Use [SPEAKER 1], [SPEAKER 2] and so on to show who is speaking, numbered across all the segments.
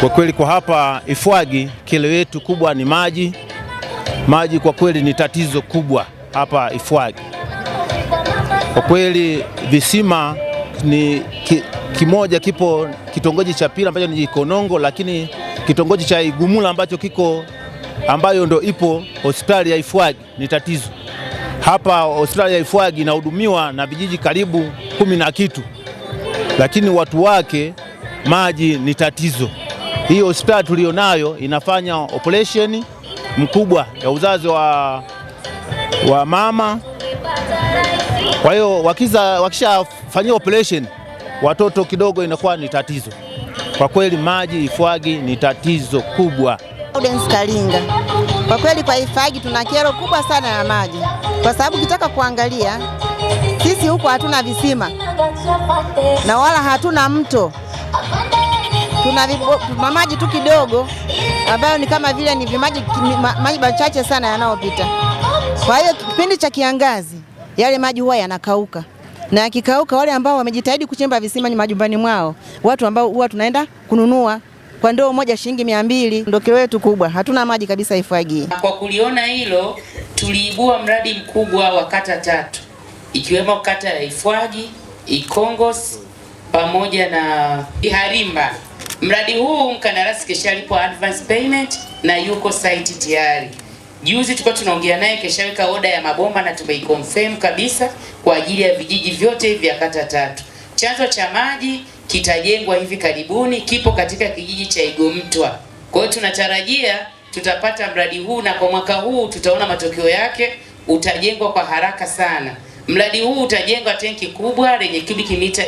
[SPEAKER 1] Kwa kweli kwa hapa Ifwagi kero yetu kubwa ni maji. Maji kwa kweli ni tatizo kubwa hapa Ifwagi. Kwa kweli visima ni ki, kimoja kipo kitongoji cha pili ambacho ni Ikonongo, lakini kitongoji cha Igumula ambacho kiko ambayo ndo ipo hospitali ya Ifwagi ni tatizo. Hapa hospitali ya Ifwagi inahudumiwa na vijiji karibu kumi na kitu, lakini watu wake maji ni tatizo hiyo hospitali tulionayo inafanya operation mkubwa ya uzazi wa, wa mama. Kwa hiyo wakishafanyia operation watoto kidogo inakuwa ni tatizo kwa kweli, maji Ifwagi ni tatizo kubwa.
[SPEAKER 2] Audience Kalinga, kwa kweli kwa Ifwagi tuna kero kubwa sana ya maji, kwa sababu kitaka kuangalia sisi huko hatuna visima na wala hatuna mto tuna mamaji tu kidogo ambayo ni kama vile ni vimaji maji machache sana yanayopita. Kwa hiyo kipindi cha kiangazi yale maji huwa yanakauka, na yakikauka, wale ambao wamejitahidi kuchimba visima majumbani mwao, watu ambao huwa tunaenda kununua kwa ndoo moja shilingi mia mbili. Ndoke wetu kubwa hatuna maji kabisa Ifwagii.
[SPEAKER 3] Kwa kuliona hilo, tuliibua mradi mkubwa wa kata tatu ikiwemo kata ya Ifwagi, Ikongos pamoja na Iharimba. Mradi huu mkandarasi keshalipwa advance payment na yuko site tayari. Juzi tulikuwa tunaongea naye, keshaweka oda ya mabomba na tumeiconfirm kabisa kwa ajili ya vijiji vyote vya kata tatu. Chanzo cha maji kitajengwa hivi karibuni, kipo katika kijiji cha Igomtwa. Kwa hiyo tunatarajia tutapata mradi huu na kwa mwaka huu tutaona matokeo yake, utajengwa kwa haraka sana. Mradi huu utajenga tenki kubwa lenye cubic mita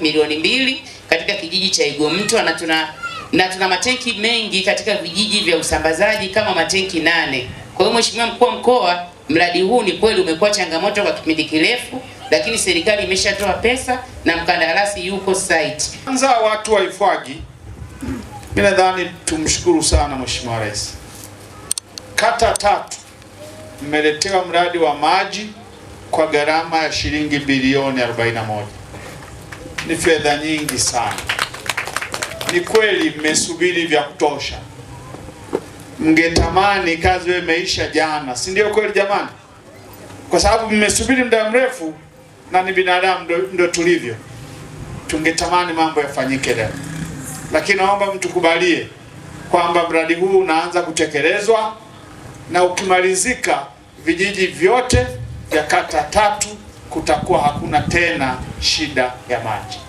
[SPEAKER 3] milioni mbili katika kijiji cha Igomtwa na tuna na tuna matenki mengi katika vijiji vya usambazaji kama matenki nane. Kwa hiyo Mheshimiwa Mkuu wa Mkoa, mradi huu ni kweli umekuwa changamoto kwa kipindi kirefu, lakini serikali imeshatoa pesa na mkandarasi yuko site.
[SPEAKER 4] Kwanza watu wa Ifwagi, mimi nadhani tumshukuru sana Mheshimiwa Rais. Kata tatu mmeletewa mradi wa maji kwa gharama ya shilingi bilioni 41. Ni fedha nyingi sana. Ni kweli mmesubiri vya kutosha, mngetamani kazi hiyo imeisha jana, si ndio kweli jamani? Kwa sababu mmesubiri muda mrefu, na ni binadamu ndo tulivyo, tungetamani mambo yafanyike leo, lakini naomba mtukubalie kwamba mradi huu unaanza kutekelezwa na ukimalizika vijiji vyote ya kata tatu kutakuwa hakuna tena shida ya maji.